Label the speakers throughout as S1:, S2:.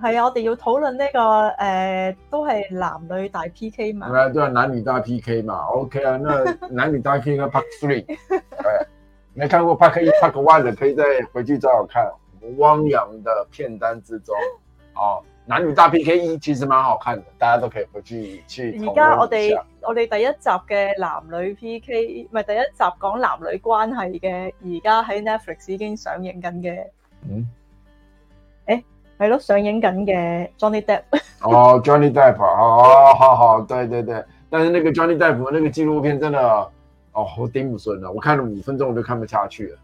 S1: 係啊，我哋要討論呢、這個誒、呃，都係男女大 P K 嘛。係啊，
S2: 都係男女大 P K 嘛。OK 啊，那男女大 P K 應該 Part Three，誒、啊，未看過 Part 一、 Part One 嘅，可以再回去再看。汪洋的片單之中，哦、啊，男女大 P K 一其實蠻好看嘅，大家都可以回去去。而家我哋
S1: 我哋第一集嘅男女 P K，唔係第一集講男女關係嘅，而家喺 Netflix 已經上映緊嘅。嗯。誒。係咯，上映緊嘅 Johnny Depp、
S2: oh。哦，Johnny Depp，哦， 好好，好，對對對。但是那個 Johnny Depp 的那個紀錄片真的，哦，我頂唔順啊！我看了五分鐘，我就看不下去
S1: 了。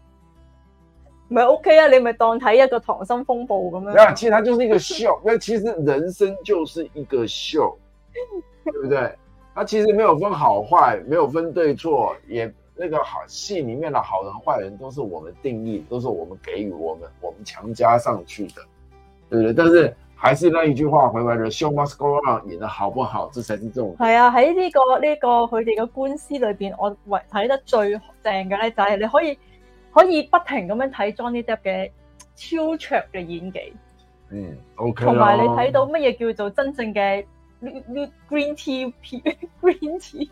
S1: 唔係 OK 啊，你咪當睇一個溏心風暴咁樣，啊。其實他
S2: 就是一個秀， 因為其實人生就是一個秀，對不對？他其實沒有分好壞，沒有分對錯，也那個好戲裏面的好人壞人都是我們定義，都是我們給予我們，我們強加上去的。對，但是還是那一句話回來的，show must go on，演得好不好，這才是重
S1: 點。係啊，喺呢、呢個呢、呢個佢哋嘅官司裏邊，我為睇得最正嘅咧，就係、是、你可以可以不停咁樣睇 Johnny Depp 嘅超卓嘅演技。
S2: 嗯，OK 啦。同埋你睇
S1: 到乜嘢叫做真正嘅 Green Tea Green Tea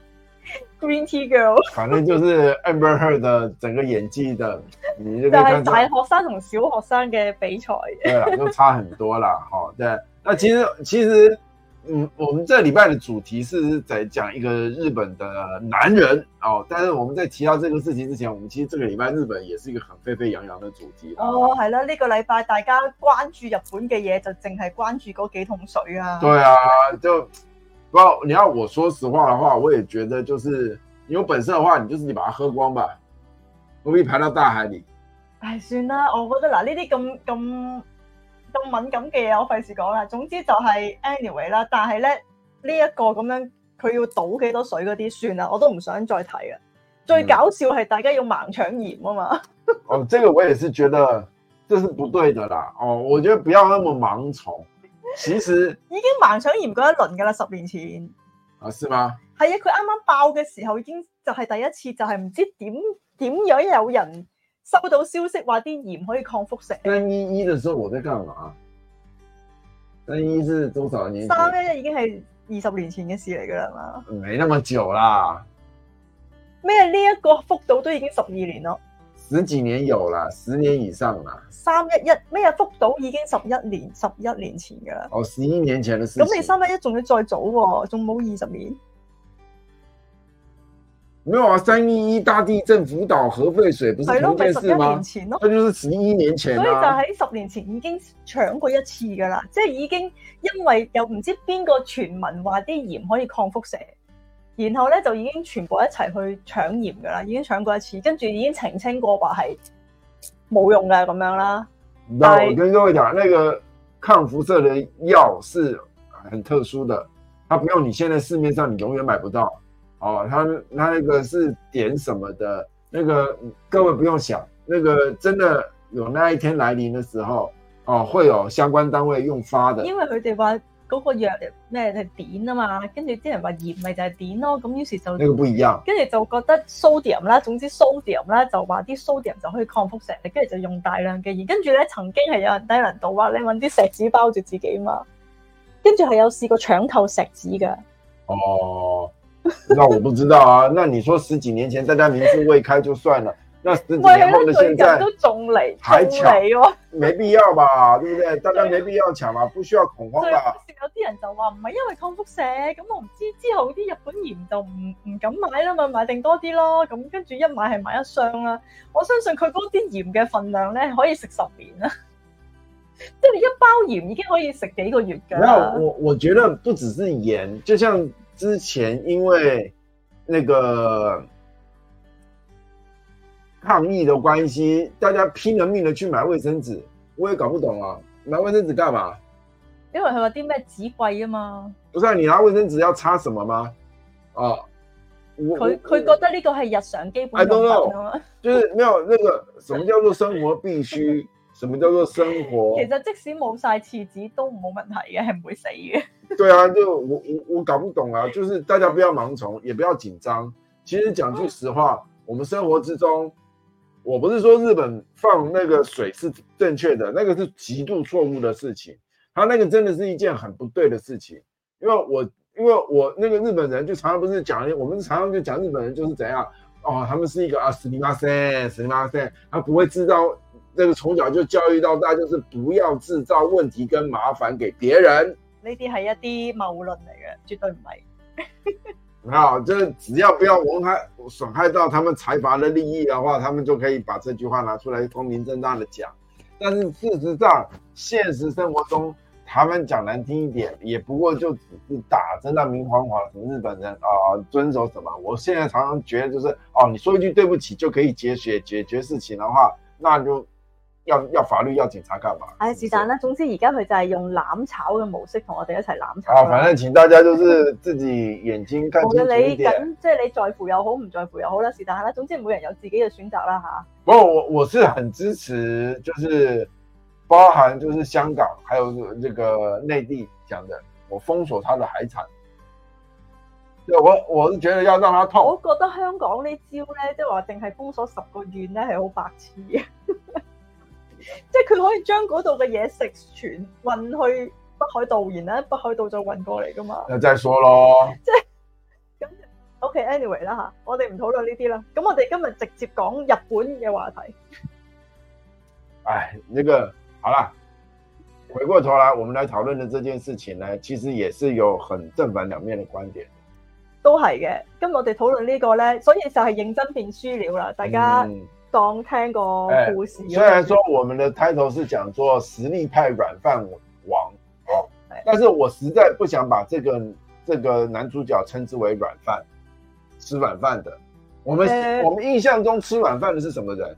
S1: Green Tea Girl？
S2: 反正就是 Amber Heard 的整個演技的。你就係、是、大學
S1: 生同小學生嘅比賽，對啊，
S2: 就差很多啦，嗬、 哦。對，那其實其實，嗯，我們這禮拜嘅主題是在講一個日本的男人哦。但是我們在提到這個事情之前，我們其實這個禮拜日本也是一個很沸沸揚揚嘅主題。哦，
S1: 係、啊、啦，呢、這個禮拜大家關注日本嘅嘢就淨係關注嗰幾桶水啊。對啊，
S2: 就不，你要我說實話的話，我也覺得就是，你有本事的話，你就自己把它喝光吧，不必排到大海裏。
S1: 唉，算啦，我覺得嗱呢啲咁咁咁敏感嘅嘢，我費事講啦。總之就係 anyway 啦，但係咧呢一個咁樣，佢要倒幾多水嗰啲，算啦，我都唔想再睇啊。最搞笑係大家要盲搶鹽啊嘛、嗯。
S2: 哦，這個我也是覺得這是不對的啦。哦，我覺得不要那麼盲從。其實
S1: 已經盲搶鹽嗰一輪噶啦，十年前。
S2: 啊，是嗎？
S1: 係啊，佢啱啱爆嘅時候已經就係第一次就不，就係唔知點點樣有人。收到消息話啲鹽可以抗輻射。三
S2: 一一嘅時候我在幹嘛？三一一是多少年？三
S1: 一一已經係二十年前嘅事嚟噶啦嘛？
S2: 沒那麼久啦。
S1: 咩？呢、這、一個福島都已經十二年咯。
S2: 十幾年有了，十年以上啦。
S1: 三一一咩啊？福島已經十一年，十一年前噶啦。哦，
S2: 十一年前嘅事。咁你
S1: 三一一仲要再早喎、哦，仲冇二十年。
S2: 沒有啊，三一一大地震，福島核廢水不是同一件事嗎？係咯，咪十一年前咯，那就是十一年前啊。所以就喺
S1: 十年前已經搶過一次噶啦，即係已經因為又唔知邊個傳聞話啲鹽可以抗輻射，然後咧就已經全部一齊去搶鹽噶啦，已經搶過一次，跟住已經澄清過話係冇用噶咁樣啦。但、哦、我跟
S2: 各位講，那個抗輻射嘅藥是很特殊的，它不用，你現在市面上你永遠買不到。哦，他他那個是碘什麼的，那個各位不用想，那個真的有那一天來臨的時候，哦，會有相關單位用發的。因
S1: 為佢哋話嗰個藥咩係碘啊嘛，跟住啲人話鹽咪就係碘咯，咁於是就呢、那個不一樣，跟住就覺得 sodium 啦，總之 sodium 啦，就話啲 sodium 就可以抗輻射，跟住就用大量嘅鹽，跟住咧曾經係有人低能度話你搵啲錫紙包住自己嘛，跟住係有試過搶購錫紙噶。哦。 那我不知
S2: 道啊，那你說十幾年前大家民宿未開就算了，那十幾年後的現在，仲
S1: 嚟還搶哦，
S2: 沒必要吧，對不對？對大家沒必要搶嘛、啊，不需要恐慌吧。
S1: 有啲人就話唔係因為抗輻射，咁我唔知之後啲日本鹽就唔唔敢買啦嘛，買定多啲咯。咁跟住一買係買一箱啦、啊，我相信佢嗰啲鹽嘅份量咧可以食十年啦，即係你一包鹽已經可以食幾個月噶。我
S2: 我覺得不只是鹽，就像。之前因為那個抗疫的關係，大家拼了命的去買衛生紙，我也搞不懂啊，買衛生紙幹嘛？
S1: 因為他話啲咩紙貴啊嘛。
S2: 不是你拿衛生紙要擦什麼嗎？啊、哦，我。佢佢覺
S1: 得呢個係日常基本用品、啊。I don't know，就
S2: 是沒有那個什麼叫做生活必須 什麼叫做生活？其實
S1: 即使冇晒廁紙都冇問題嘅，係唔會死嘅。
S2: 對啊，就我我我搞不懂啊，就是大家不要盲從，也不要緊張。其實講句實話，嗯，我們生活之中，我不是說日本放那個水是正確的，那個是極度錯誤的事情。他那個真的是一件很不對的事情，因為我因為我那個日本人就常常不是講，我們常常就講日本人就是怎樣哦，他們是一個啊すみません、すみません，他不會知道。這、那個從小就教育到大，就是不要製造問題跟麻煩給別人。
S1: 呢啲係一啲謬論嚟嘅，絕對唔
S2: 係。 好，這只要不要危害、損害到他們財閥的利益的話，他們就可以把這句話拿出來光明正大的講。但是事實上，現實生活中，他們講難聽一點，也不過就只是打着那明晃晃日本人啊、哦，遵守什麼。我現在常常覺得，就是哦，你說一句對不起就可以解決解決事情的話，那就。要要法律要警察幹嘛？
S1: 哎、啊，是但啦。總之而家佢就係用攬炒嘅模式同我哋一齊攬炒。啊，反正
S2: 請大家就是自己眼睛看清楚啲、哦、你咁
S1: 即係你在乎又好，唔在乎又好啦。是但啦，總之每人有自己嘅選擇啦吓。
S2: 不、啊、唔，我我是很支持，就是包含就是香港，還有這個內地講的，我封鎖他的海產。我我是覺得要讓它痛。我
S1: 覺得香港呢招咧，即係話淨係封鎖十個縣咧，係好白痴啊！ 即係佢可以將嗰度嘅嘢食全運去北海道，然後北海道再運過嚟噶嘛？又真係咯，即係咁 OK，Anyway、okay，啦吓，我哋唔討論呢啲啦。咁我哋今日直接講日本嘅話題。
S2: 唉，呢、那個好啦，回過頭來，我們來討論嘅這件事情呢，其實也是有很正反兩面嘅觀點。
S1: 都係嘅，咁我哋討論個呢個咧，所以就係認真便輸了啦，大家。嗯當聽過故事、欸，雖然說
S2: 我們的開頭是講做實力派軟飯王哦、欸，但是我實在不想把這個這個男主角稱之為軟飯吃軟飯的。我們、欸、我們印象中吃軟飯的是什麼人？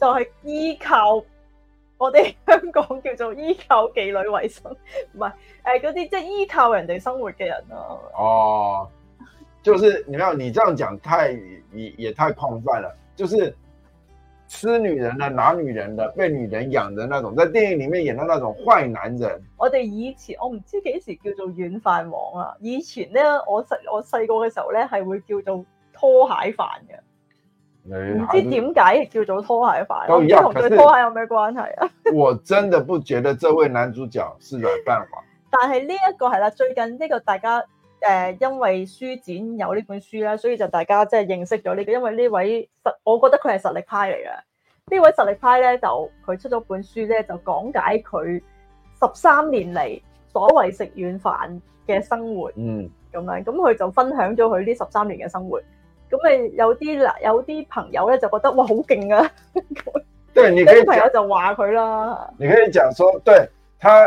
S1: 就係、是、依靠我哋香港叫做依靠妓女為生，唔係誒嗰啲即係依靠人哋生活嘅人
S2: 啊、哦！哦，就是你冇，你這樣講太也，也太寬泛了。就是吃女人的、拿女人的、被女人養的那種，在電影裏面演的那種壞男人。
S1: 我哋以前，我唔知幾時叫做軟飯王啊。以前咧，我細我細個嘅時候咧，係會叫做拖鞋飯嘅。唔、嗯、知點解叫做拖鞋飯，啊，唔知同對拖鞋有咩關係啊？
S2: 我真的不覺得這位男主角是軟飯王。
S1: 但係呢一個係啦，最近呢個大家。誒，因為書展有呢本書啦，所以就大家即係認識咗呢個。因為呢位實，我覺得佢係實力派嚟嘅。呢位實力派咧，就佢出咗本書咧，就講解佢十三年嚟所謂食軟飯嘅生活。嗯，咁樣咁佢就分享咗佢呢十三年嘅生活。咁咪有啲嗱，有啲朋友咧就覺得哇，好勁啊！
S2: 有啲 朋友
S1: 就話佢啦。
S2: 你可以講說，對他。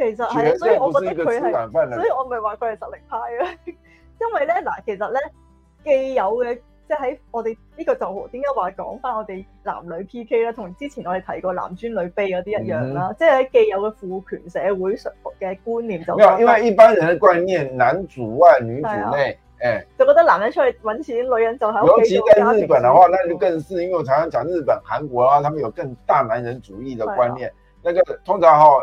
S1: 其實係，所以我覺得佢係，所以我咪話佢係實力派咯。 因為咧嗱，其實咧，既有嘅，即係喺我哋呢、這個就點解話講翻我哋男女 P K 咧，同之前我哋提過男尊女卑嗰啲一樣啦、嗯。即係喺既有嘅父權社會嘅觀念就因為一
S2: 般人的觀念，男主外女主內，誒、啊、
S1: 欸，就覺得男人出去搵錢，女人就喺屋企。尤其在日本嘅話，那
S2: 就更是，因為我常常講日本、韓國啊，他們有更大男人主義嘅觀念。啊、那個通常嗬、哦。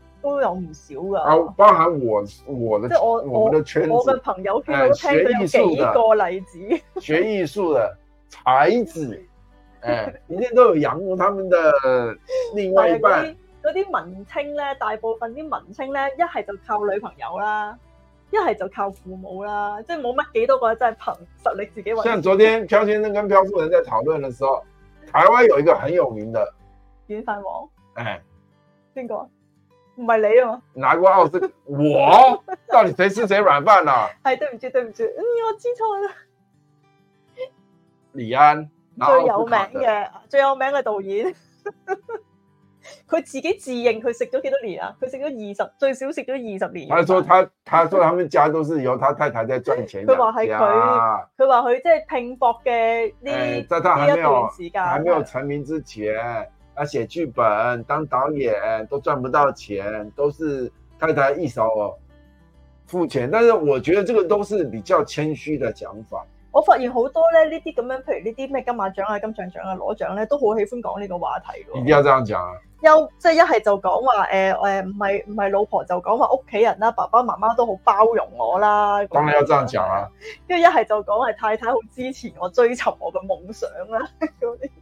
S1: 都有唔少噶，
S2: 啊、哦，包含我我的，即我我們我嘅朋友圈、嗯、都聽到有幾
S1: 個例子，學藝
S2: 術的， 藝術的才子，誒、嗯，呢 啲都有養到他們嘅另外一半。
S1: 嗰、就、啲、是、文青咧，大部分啲文青咧，一係就靠女朋友啦，一係就靠父母啦，即係冇乜幾多個真係憑實力自己揾。像昨天
S2: 漂先生跟漂夫人在討論嘅時候，台灣有一個很有名嘅遠山王，誒 、
S1: 嗯，邊個？唔係你啊
S2: 嘛，哪個奧斯 誰誰啊？難怪我知，我到底誰吃誰軟飯啊？
S1: 係對唔住，對唔住，嗯，我知錯啦。
S2: 李安最有名嘅，
S1: 最有名嘅導演，佢 自己自認佢食咗幾多年啊？佢食咗二十，最少食咗二十年。他說他
S2: 他說他們家都是由他太太在賺錢。佢話係佢，
S1: 佢話佢即係拼搏嘅呢、哎？在他喺，呢段時間，還沒有
S2: 成名之前。啊！寫劇本、當導演都賺唔到錢，都是太太一手、哦、付錢。但是我覺得這個都是比較謙虛的講法。
S1: 我發現好多咧呢啲咁樣，譬如呢啲咩金馬獎啊、金像獎啊攞獎咧，都好喜歡講呢個話題咯。
S2: 一定要這樣講啊！
S1: 又即係一係就講話誒誒，唔係唔係老婆就講話屋企人啦、啊，爸爸媽媽都好包容我啦。當然要這樣講啦、啊。跟住一係就講係太太好支持我追尋我嘅夢想啦、啊、啲。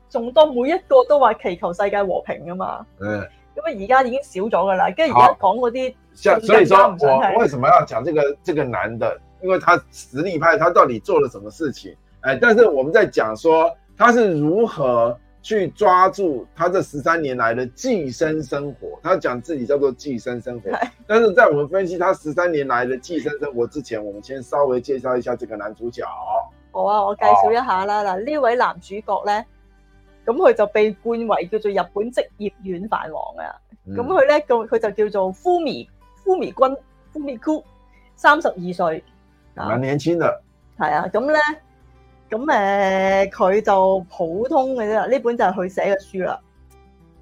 S1: 仲多每一個都話祈求世界和平噶嘛？嗯，因為而家已經少咗噶啦，跟住而家講嗰啲。所以說我為什
S2: 麼要講、這個、這個男的？因為他實力派，他到底做了什麼事情？欸、但是我們在講說他是如何去抓住他這十三年來的寄生生活。他講自己叫做寄生生活，是但是在我們分析他十三年來的寄生生活之前，我們先稍微介紹一下這個男主角。
S1: 好啊，我介紹一下啦。嗱，呢位男主角咧，咁佢就被冠為叫做日本職業軟飯王啊！咁佢咧，叫佢就叫做 Fumi Fumi 君 Fumi Ku，三十二歲，年輕啦。係啊，咁咧咁誒，佢、呃、就普通嘅啫，呢本就係佢寫嘅書啦，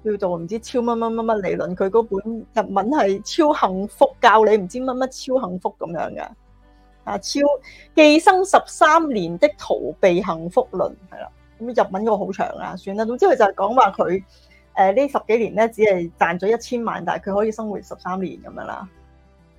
S1: 叫做唔知道超乜乜乜乜理論。佢嗰本日文係超幸福，教你唔知乜乜超幸福咁樣嘅啊！超寄生十三年的逃避幸福論，係啦。咁日文嗰個好長啦，啊，算啦。總之佢就係講話佢誒呢十幾年咧，只係賺咗一千萬，但係佢可以生活十三年咁樣啦。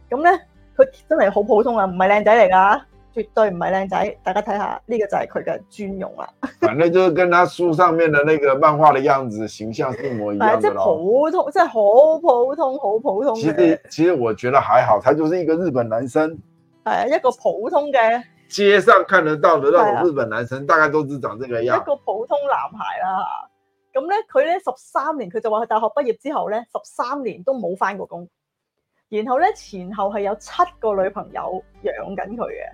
S1: 咁咧，佢真係好普通啊，唔係靚仔嚟噶絕對唔係靚仔。大家睇下呢，這個就係佢嘅尊容啦。
S2: 反，啊、正就係跟他書上面嘅那個漫畫嘅樣子形象一模一樣咯。 普
S1: 通，即係好普通，好普通。其實其
S2: 實我覺得還好，他就是一個日本男生。
S1: 係啊，一個普通嘅。
S2: 街上看得到得到嘅日本男生大概都知長這個樣，是一個
S1: 普通男孩啦。咁咧佢，咧十三年佢就話佢大學畢業之後咧十三年都冇翻過工，然後咧前後係有七個女朋友養緊佢嘅。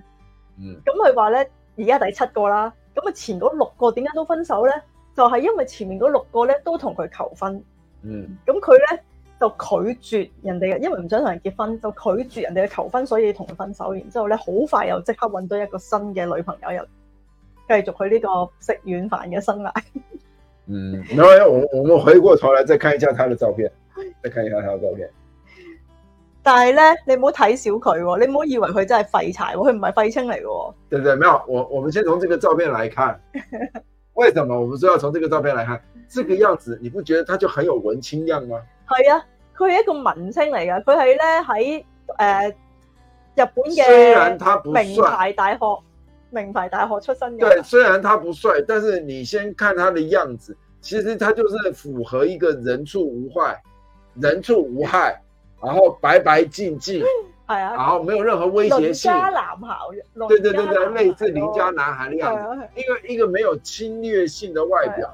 S1: 嗯，咁佢話咧而家第七個啦，咁啊前嗰六個點解都分手咧？就係因為前面嗰六個咧都同佢求婚。嗯，咁佢咧。就拒絕人哋，因為唔想同人結婚，就拒絕人哋嘅求婚，所以同佢分手。然之後咧，好快又即刻揾到一個新嘅女朋友，又繼續佢呢個食軟飯嘅生涯。嗯，
S2: 嗱，我我我回過頭嚟再看一下他的照片，再看一下他嘅照片。
S1: 但係咧，你唔好睇小佢，你唔好以為佢真係廢柴，佢唔係廢青嚟嘅。
S2: 對，對對，沒有，我我們先從這個照片來看，為什麼我們說要從這個照片來看？這個樣子，你不覺得他就很有文青樣嗎？
S1: 係啊，佢係一個文青嚟嘅。佢係咧喺誒日本嘅，雖然他不帥名牌大學，名牌大學出身嘅。對，
S2: 雖然他不帥，但是你先看他的樣子，其實他就是符合一個人畜無害、人畜無害，然後白白淨淨，係、嗯、啊，然後沒有任何威脅性。鄰
S1: 家男孩，對對對對，類似鄰家男孩嘅樣子，啊啊、
S2: 一個一個沒有侵略性的外表。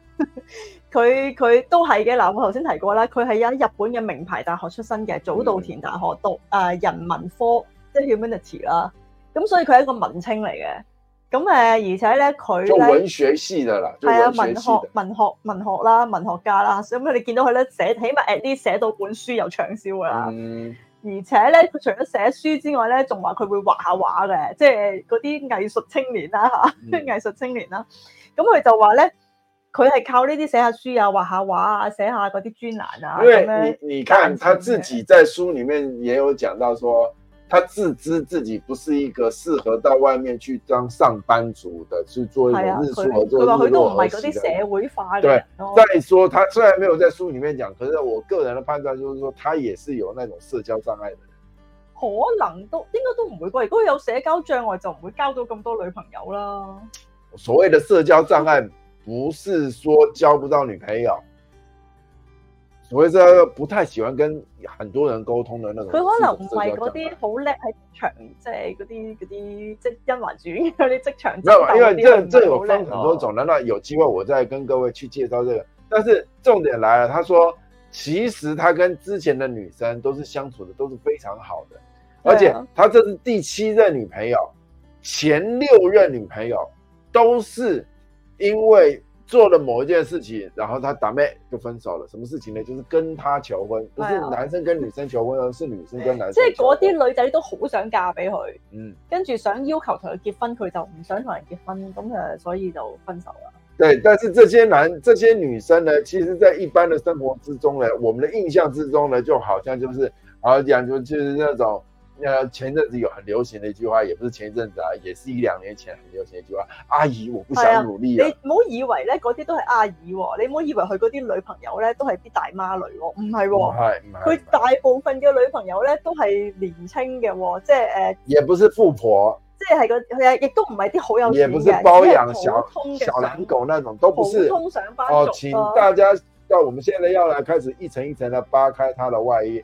S1: 佢 佢都係嘅，嗱，我頭先提過啦，佢係喺日本嘅名牌大學出身嘅，早稻田大學、嗯、讀誒、呃、人文科，即係 humanity 啦、啊。咁所以佢係一個文青嚟嘅。咁、啊、誒，而且咧，佢文
S2: 學系嘅啦，係啊，文學
S1: 文學文學啦，文學家啦。所以咁你見到佢咧寫，起碼 at least 寫到本書又暢銷噶啦、嗯。而且咧，佢除咗寫書之外咧，仲話佢會畫下畫嘅，即係嗰啲藝術青年啦吓，藝術青年啦。咁、啊、佢、嗯、就話咧。佢係靠呢啲寫下書啊、畫下畫啊、寫下嗰啲專欄啊。因為你，你看他
S2: 自己在書裏面也有講到，說他自知自己不是一個適合到外面去當上班族的，去做一種日出而作日落而息。佢話佢都唔係嗰啲社
S1: 會化嘅。對，再
S2: 說他雖然沒有在書裏面講，可是我個人的判斷就是說，他也是有那種社交障礙嘅人。
S1: 可能都應該都唔會，如果有社交障礙就唔會交到咁多女朋友啦。
S2: 所謂的社交障礙。不是說交不到女朋友，所以說不太喜歡跟很多人溝通的那種。他可能唔係嗰啲
S1: 好叻喺場，即係嗰啲嗰啲即係因環轉嗰啲職場。沒因為這這有分很多
S2: 種的，難道有機會我再跟各位去介紹這個。但是重點來了，他說其實他跟之前的女生都是相處的都是非常好的，而且他這是第七任女朋友，前六任女朋友都是。因為做了某一件事情，然後他打妹，妹就分手了。什麼事情呢？就是跟他求婚，哎、不是男生跟女生求婚，而是女生跟男生。
S1: 即係嗰啲女仔都好想嫁俾佢，嗯，跟住想要求同佢結婚，佢就唔想同人結婚，咁誒，所以就分手了。
S2: 對，但是這些男、這些女生呢？其實，在一般的生活之中呢，我們的印象之中呢，就好像就是好像就，就是那種。前陣子有很流行的一句話，也不是前一陣子啊，也是一兩年前很流行的一句話：阿姨，我不想努力、啊啊。
S1: 你唔好以為呢嗰啲都係阿姨喎、哦，你唔好以為佢嗰啲女朋友呢都係啲大媽女喎、哦，唔係喎，係唔係？佢大部分嘅女朋友呢都係年輕嘅喎，即係誒、呃，
S2: 也不是富婆，
S1: 即係個係啊，亦都唔係啲好有錢，也不是包養小小狼
S2: 狗那種，都不是。通
S1: 上班族、啊、哦，請大
S2: 家，到我們現在要來開始一層一層的扒開她的外衣。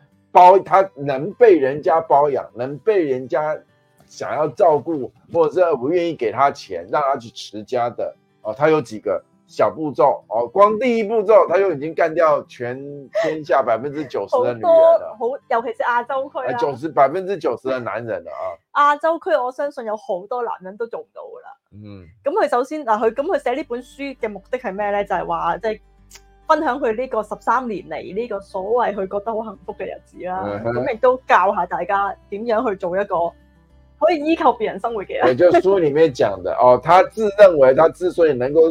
S2: 包他能被人家包養，能被人家想要照顧，或者不願意給他錢，讓他去持家的哦。他有幾個小步驟哦，光第一步驟，他就已經幹掉全天下百分之九十的女人
S1: 好，尤其是亞洲區九
S2: 十百分之九十的男人啦啊，
S1: 亞洲區我相信有好多男人都做唔到噶啦。嗯，咁佢首先嗱佢咁佢寫呢本書嘅目的係咩咧？就係話即係。就是分享佢呢個十三年嚟呢個所謂佢覺得好幸福嘅日子啦，咁、uh、亦 -huh. 都教下大家點樣去做一個可以依靠別人生活嘅人。
S2: 就書裏面講的哦，他自認為他之所以能夠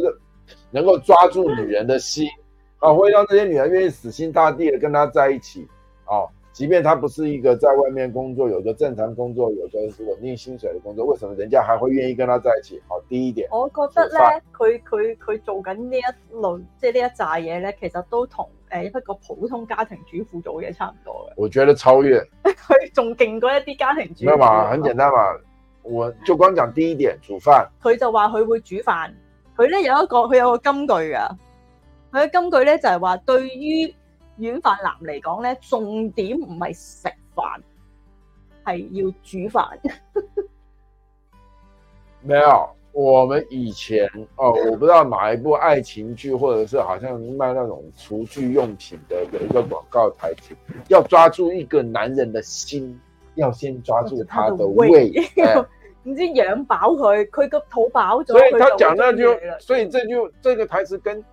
S2: 能夠抓住女人的心， 啊，會讓這些女人願意死心塌地的跟他在一起，啊。即便他不是一個在外面工作，有個正常工作，有個穩定薪水的工作，為什麼人家還會願意跟他在一起？好，第一點，我
S1: 覺得咧，佢佢佢做緊、就是、呢一類，即係呢一紮嘢咧，其實都同誒，一個普通家庭主婦做嘢差唔多嘅。
S2: 我覺得超越
S1: 佢仲勁過一啲家庭主婦。咩啊？
S2: 很簡單嘛，我就光講第一點，煮飯。
S1: 佢就話佢會煮飯，佢咧有一個，佢有個金句噶，佢嘅金句咧就係、是、話對於。軟飯男嚟講咧，重點唔係食飯，係要煮飯。
S2: 沒有，我們以前哦，我不知道哪一部愛情劇，或者是好像賣那種廚具用品的，有一個廣告台詞，要抓住一個男人的心，要先抓住他的胃，
S1: 唔知養飽佢，佢、哎、個肚飽咗。所以他講就，他講那句，所
S2: 以這就這個台詞跟。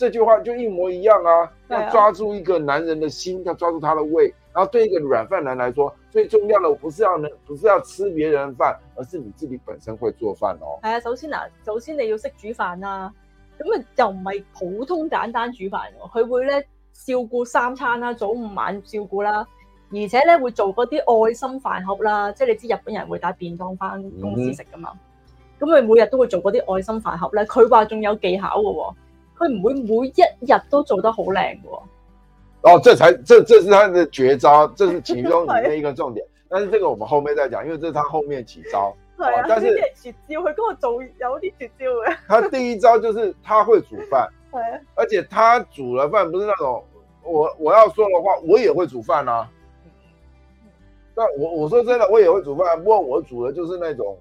S2: 這句話就一模一樣啊！要抓住一個男人的心，要、啊、抓住他的胃。然後對一個軟飯男來說，最重要的我不是要能，不是要吃別人飯，而是你自己本身會做飯哦。係
S1: 啊，首先啊，首先你要識煮飯啦。咁啊，又唔係普通簡單煮飯，啊，佢會咧照顧三餐啦，啊，早午晚照顧啦，而且咧會做嗰啲愛心飯盒啦，即係你知日本人會帶便當返公司食噶嘛？咁，嗯、佢每日都會做嗰啲愛心飯盒咧，佢話仲有技巧噶，啊。會唔會每一日都做得好靚
S2: 喎。哦，這才，這這是他的絕招，這是其中裡面一個重點、 啊。但是這個我們後面再講，因為這是他後面幾招。
S1: 係、 啊啊、但是絕招，佢
S2: 他， 他第一招就是他會煮飯，
S1: 係、 啊、
S2: 而且他煮嘅飯不是那種，我我要說的話，我也會煮飯啦、啊。 但我，我說真的，我也會煮飯，不過我煮的就是那種。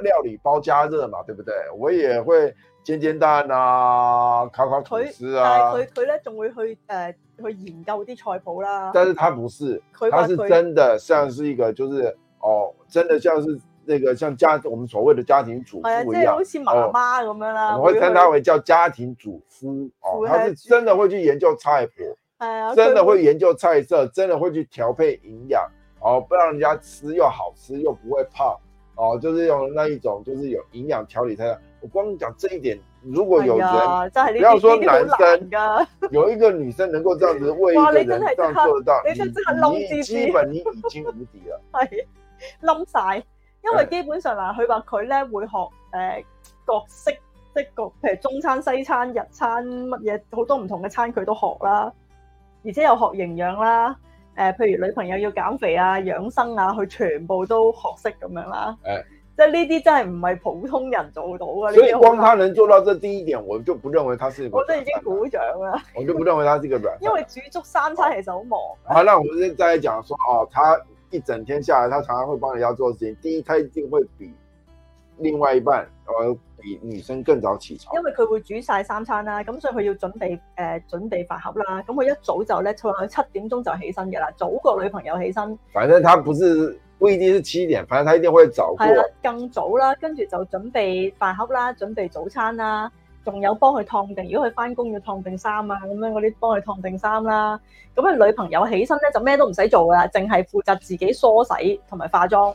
S2: 料理包加熱嘛，對不對？我也會煎煎蛋啊，烤烤吐司啊。他但
S1: 佢佢仲會去、呃、去研究啲菜譜啦。但是
S2: 他不是，他，他，他是真的，像是一個就是哦，真的像是那個像家、嗯、我們所謂的家庭主婦一、就是、一樣，好像媽媽
S1: 一樣，哦。我會稱他為
S2: 叫家庭主夫哦，他是真的會去研究菜譜，
S1: 真的會研
S2: 究菜色，真的會去調配營養，哦，不讓人家吃又好吃又不會胖。哦，就是用那一種，就是有營養調理餐。我光講這一點，如果有人，哎、不要說男生， 有一個女生能夠這樣子餵一個，人你真這樣做得到，你真係冧之至，基本你
S1: 已經無敵啦。係冧晒，因為基本上嗱，佢話佢咧會學誒、呃，各式的各，譬如中餐、西餐、日餐乜嘢，好多唔同嘅餐佢都學啦，而且又學營養啦。誒、呃，譬如女朋友要減肥啊、養生啊，佢全部都學識咁樣啦、欸。即係呢啲真係唔係普通人做到嘅。所以光他
S2: 能做到這第一點，我就不認為他是。我都
S1: 已經鼓掌
S2: 啦！我就不認為他係個人。因為
S1: 煮、啊、足三餐其實好忙、
S2: 啊。好，那我們再再講說，說啊，他一整天下來，他常常會幫人家做事情。第一，他一定會比。另外一半，我比女生更早起床，
S1: 因為佢會煮晒三餐啦，咁所以佢要準備誒、呃，準備飯盒啦，咁佢一早就咧，可能七點鐘就起身嘅啦，早過女朋友起身。
S2: 反正他不是，不一定是七點，反正他一定會早。係啦，
S1: 更早啦，跟住就準備飯盒啦，準備早餐啦，仲有幫佢燙定，如果佢翻工要燙定衫啊，咁樣嗰啲幫佢燙定衫啦、啊。咁佢女朋友起身咧就咩都唔使做噶啦，淨係負責自己梳洗同埋化妝。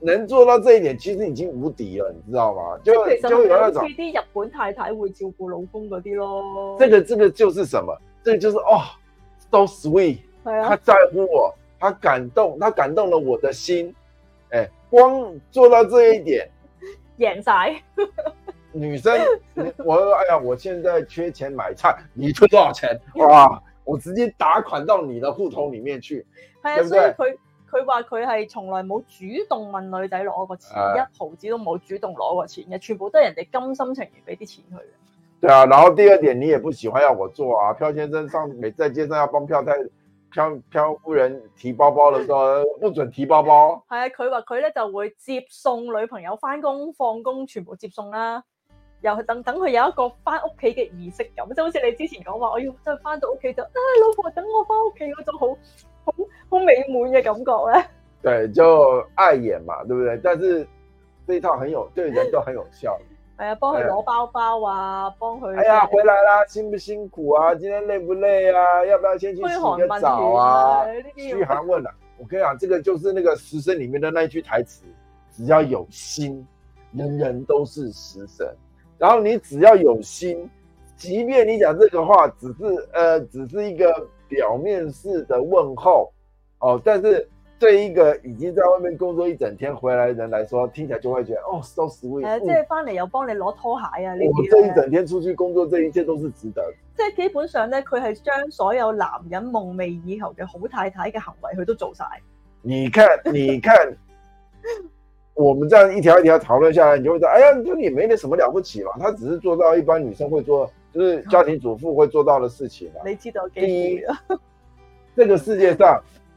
S2: 能做到這一點，其實已經無敵了，你知道嗎？就就有那種。去啲
S1: 日本太太會照顧老公嗰啲咯。這個，
S2: 這個就是什麼？這個就是哦，so sweet，他、啊、在乎我，他感動，他感動了我的心。哎、欸，光做到這一點，
S1: 贏咗
S2: 女生，我哎呀，我現在缺錢買菜，你出多少錢？哇、啊，我直接打款到你的戶頭裏面去，
S1: 啊、對不對？佢話佢係從來冇主動問女仔攞過錢，啊，一毫子都冇主動攞過錢嘅，全部都係人哋甘心情願俾啲錢佢。
S2: 對啊，然後第二點，你也不喜歡要我做啊，漂先生上每在街上要幫漂太漂漂夫人提包包嘅時候，不准提包包。
S1: 係 啊，佢話佢咧就會接送女朋友翻工放工，全部接送啦，又等等佢有一個翻屋企嘅儀式感，即係好似你之前講話，我要真係翻到屋企就，啊老婆等我翻屋企嗰種好。好美滿嘅感
S2: 覺呢，對，就愛演嘛，對不對？但是這一套很有對人都很有效，哎呀
S1: 幫佢攞包包啊，哎、幫佢，哎呀，回
S2: 來啦，辛不辛苦啊？今天累不累啊？要不要先去洗個澡啊？噓寒問暖、啊啊，我跟你講啊，這個就是那個食神裏面的那一句台詞，只要有心，人人都是食神。然後你只要有心，即便你講這個話，只是，呃，只是一個表面式的問候。哦，但是對一個已經在外面工作一整天回來的人來說，聽起來就會覺得 哦，so sweet。即係
S1: 翻嚟又幫你攞拖鞋啊，呢啲嘢。我、哦、這一
S2: 整天出去工作，這一切都是值得
S1: 的。即係基本上呢，佢係將所有男人夢寐以求嘅好太太嘅行為，佢都做晒。
S2: 你看，你看， 我們這樣一條一條討論下來，你就會覺得哎呀，就你沒得什麼了不起嘛。他只是做到一般女生會做，就是家庭主婦會做到的事情啦，啊
S1: 嗯。你知道記得第一，
S2: 這個世界上。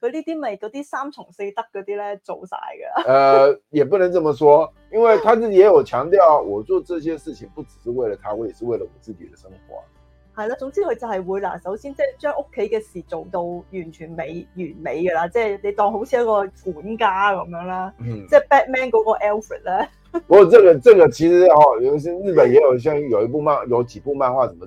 S1: 佢呢啲咪嗰啲三從四德嗰啲咧做晒嘅，誒、
S2: 呃，也不能這麼說，因為佢也有強調，我做這些事情不只是為了他，我也是為了我自己的生活。
S1: 係啦，總之佢就係會嗱，首先即係將屋企嘅事做到完全美完美噶啦，即係你當好似一個管家咁樣啦。嗯，即係 Batman 嗰個 Alfred 咧。不
S2: 過，這個這個其實哦，原先日本也有，像有一部漫，有幾部漫畫，什麼？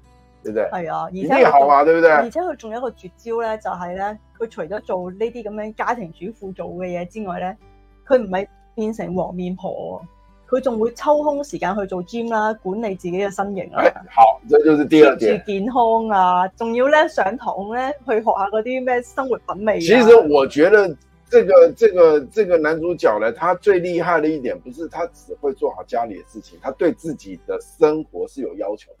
S1: 係對對啊，而且佢仲、啊、有一個絕招咧，就係、是、咧，佢除咗做呢啲咁樣家庭主婦做嘅嘢之外咧，佢唔係變成黃面婆，佢仲會抽空時間去做 gym 啦、啊，管理自己嘅身形啦、啊哎。
S2: 好，這就是第二點。保持
S1: 健康啊，仲要咧上堂咧去學下嗰啲咩生活品味、啊。其實
S2: 我覺得，這個、這個、這個男主角咧，他最厲害的一點，不是他只會做好家裏嘅事情，他對自己的生活是有要求的。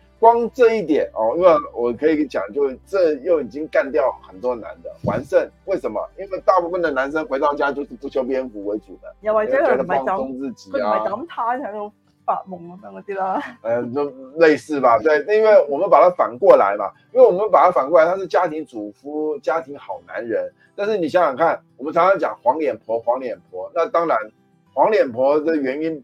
S2: 光這一點哦，因為我可以講，就這又已經幹掉很多男的，完勝。為什麼？因為大部分的男生回到家就是不修邊幅為主的，又或者他唔係走，佢唔係咁
S1: 癱喺度發夢咁樣嗰啲啦。
S2: 嗯、啊呃，就類似吧。對，因為我們把他反過來嘛，因為我們把他反過來，他是家庭主夫、家庭好男人。但是你想想看，我們常常講黃臉婆，黃臉婆，那當然黃臉婆的原因。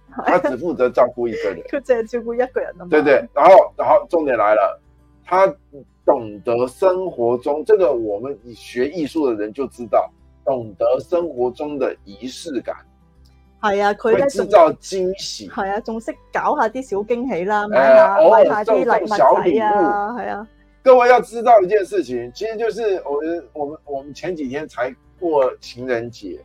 S2: 他只負責照顧一個人，佢
S1: 只係照顧一個人咁。對對，
S2: 然後然後重點來了，他懂得生活中，這個我們學藝術的人就知道，懂得生活中的儀式感。
S1: 係啊，佢咧製造驚喜，係啊，仲識搞下啲小驚喜啦，買下買下啲禮物、小禮物，係啊，哎哦啊哎、
S2: 各位要知道一件事情，其實就是我，我，我們前幾天才過情人節，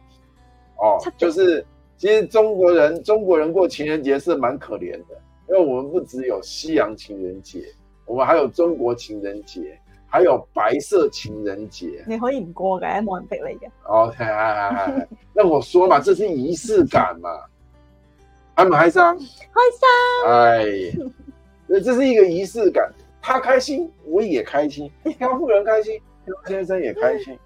S2: 哦，就是。其實中國人，中國人過情人節是蠻可憐的，因為我們不只有西洋情人節，我們還有中國情人節，還有白色情人節。
S1: 你可以唔過嘅，冇人逼你嘅。
S2: O、okay, K，、right, right, right. 那我說嘛，這是儀式感嘛，開唔開心？
S1: 開心。哎，
S2: 那這是一個儀式感，他開心我也開心，漂夫人開心，漂先生也開心。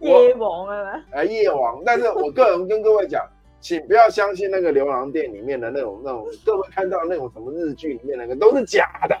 S1: 夜王係咪？誒、嗯，夜王，
S2: 但是我個人跟各位講， 請不要相信那個牛郎店裏面的那種、那種，各位看到那種什麼日劇裏面的、那個，都是假的。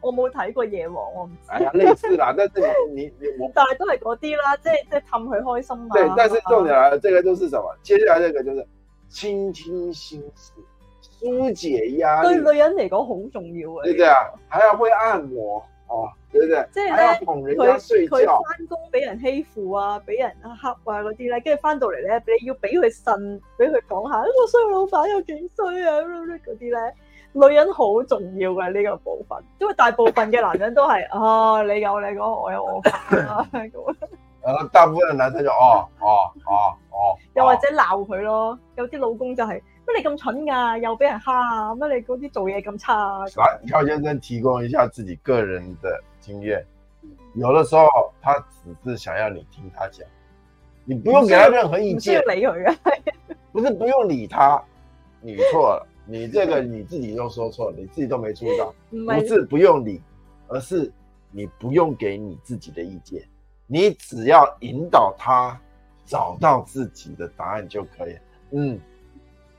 S1: 我冇睇過夜王，我唔知。哎呀，類似
S2: 啦， 但是你你
S1: 但係都係嗰啲啦，即係即係氹佢開心嘛、啊。對，但是重點嚟、啊，
S2: 這個就是什麼？接下來這個就是傾聽心事，疏解壓力，
S1: 對女人嚟講好重要嘅。對
S2: 啊，還要會按摩。哦，對對即係咧，佢佢
S1: 翻工俾人欺負啊，俾人黑啊嗰啲咧，跟住翻到嚟咧，你要俾佢呻，俾佢講下我個衰老闆有幾衰啊嗰啲咧，女人好重要嘅呢、這個部分，因為大部分嘅男人都係 啊你有你講、那個，我
S2: 有我，啊 大部分男仔就哦哦哦
S1: 哦，又或者鬧佢咯，有啲老公就係、是。乜你咁蠢噶？又俾人蝦？乜你嗰啲做嘢咁差？來，漂
S2: 先生提供一下自己個人的經驗，有的時候他只是想要你聽他講，你不用給他任何意見。
S1: 理佢，
S2: 不是不用理他，你錯了，你這個你自己都說錯，你自己都沒注意到。不是不用理，而是你不用給你自己的意見，你只要引導他找到自己的答案就可以了。嗯。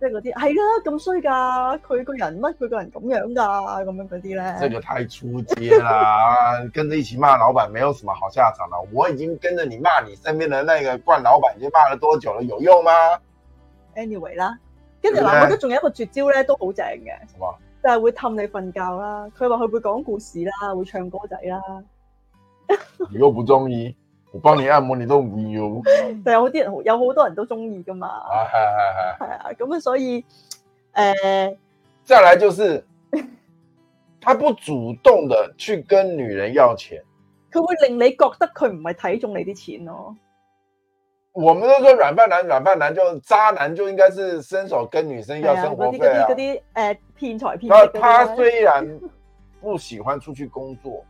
S1: 即係嗰啲係啦，咁衰噶，佢個人乜佢個人咁樣噶，咁樣嗰啲咧。這個
S2: 太出街啦， 跟住一起罵老闆，沒有什麼好下場啦。我已經跟着你罵你身邊嘅那個慣老闆，已經罵咗多久了？有用嗎？Anyway 啦，跟住着老闆仲
S1: 有一個絕招咧，yeah. 都好正嘅。係嘛？就係、是、會氹你瞓覺啦。佢話佢會講故事啦，會唱歌仔啦。如
S2: 果唔中意？ 我幫你按摩，你都唔要。
S1: 就 有啲人，有好多人都中意噶嘛。啊，
S2: 係
S1: 係係。係啊，咁啊，啊所以誒、呃，
S2: 再來就是， 他不主動的去跟女人要錢，
S1: 佢會令你覺得佢唔係睇中你啲錢咯。
S2: 我們都說軟飯男，軟飯男就渣男，就應該是伸手跟女生要生活費啊，嗰
S1: 啲嗰啲嗰啲誒騙財騙。佢、啊呃，他雖然
S2: 不喜歡出去工作。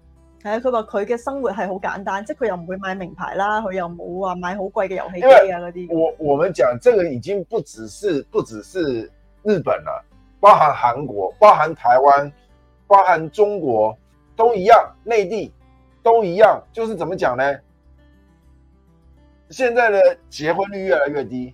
S1: 係啊，佢話佢嘅生活係好簡單，即係佢又唔會買名牌啦，佢又冇話買好貴嘅遊戲機啊、嗰啲。
S2: 我我們講，這個已經不只是不只是日本啦，包含韓國、包含台灣、包含中國都一樣，內地都一樣，就是怎麼講呢？現在的結婚率越來越低。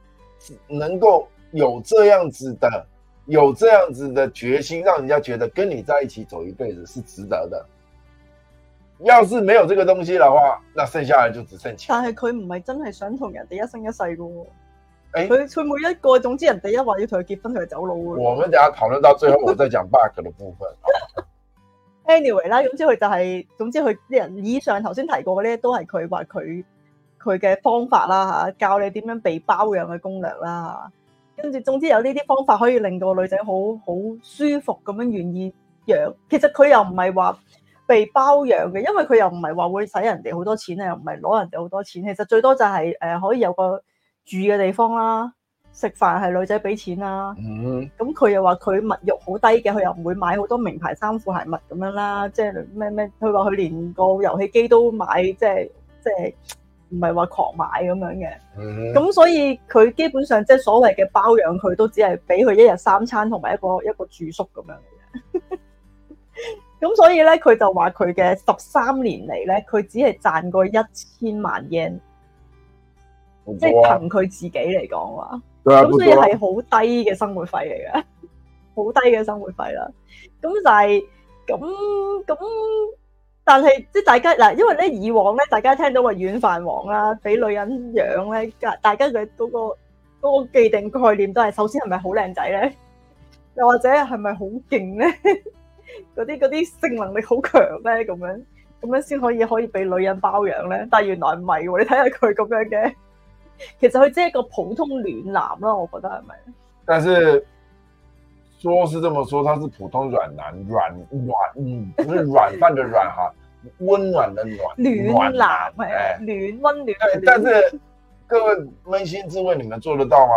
S2: 能夠有這樣子的，有這樣子的決心，讓人家覺得跟你在一起走一輩子是值得的。要是沒有這個東西的話，那剩下的就只剩
S1: 錢。但係佢唔係真係想同人哋一生一世噶，誒、欸，佢佢每一個總之人哋一話要同佢結婚，佢走佬。我們等下討論到最後，我再
S2: 講 bug 嘅部分。
S1: Anyway，啦、就是，總之佢就係，總之佢啲人以上頭先提過咧，都係佢話佢。佢嘅方法啦吓，教你點樣被包養嘅攻略啦，跟住總之有呢啲方法可以令到女仔好好舒服咁樣願意養。其實佢又唔係話被包養嘅，因為佢又唔係話會使人哋好多錢啊，又唔係攞人哋好多錢。其實最多就係誒可以有個住嘅地方啦，食飯係女仔俾錢啦。咁、嗯、佢又話佢物慾好低嘅，佢又唔會買好多名牌衫褲鞋襪咁樣啦。即係咩咩？佢話佢連個遊戲機都買，即係即係。即係唔係話狂買咁樣嘅，咁、mm -hmm. 所以佢基本上即係、就是、所謂嘅包養佢都只係俾佢一日三餐同埋一個一個住宿咁樣。咁 所以咧，佢就話佢嘅十三年嚟咧，佢只係賺過一千萬 y e 即係憑佢自己嚟講話。咁所以係好低嘅生活費嚟嘅，好低嘅生活費啦。咁就係咁咁。但係即係大家嗱，因為咧以往咧，大家聽到話軟飯王啦、啊，俾女人養咧，大家嘅、嗰、嗰個、嗰個既定概念都係首先係咪好靚仔咧？又或者係咪好勁咧？嗰啲啲性能力好強咧？咁樣咁樣先可以可以俾女人包養咧？但係原來唔係嘅，你睇下佢咁樣嘅，其實佢只係一個普通暖男啦，我覺得係咪？
S2: 但係。說是這麼說，他是普通軟男，軟軟嗯軟的軟溫的軟， 不是軟飯的軟哈，溫暖的暖暖男，
S1: 誒暖溫暖。
S2: 但是暖各位捫心自問，你們做得到嗎？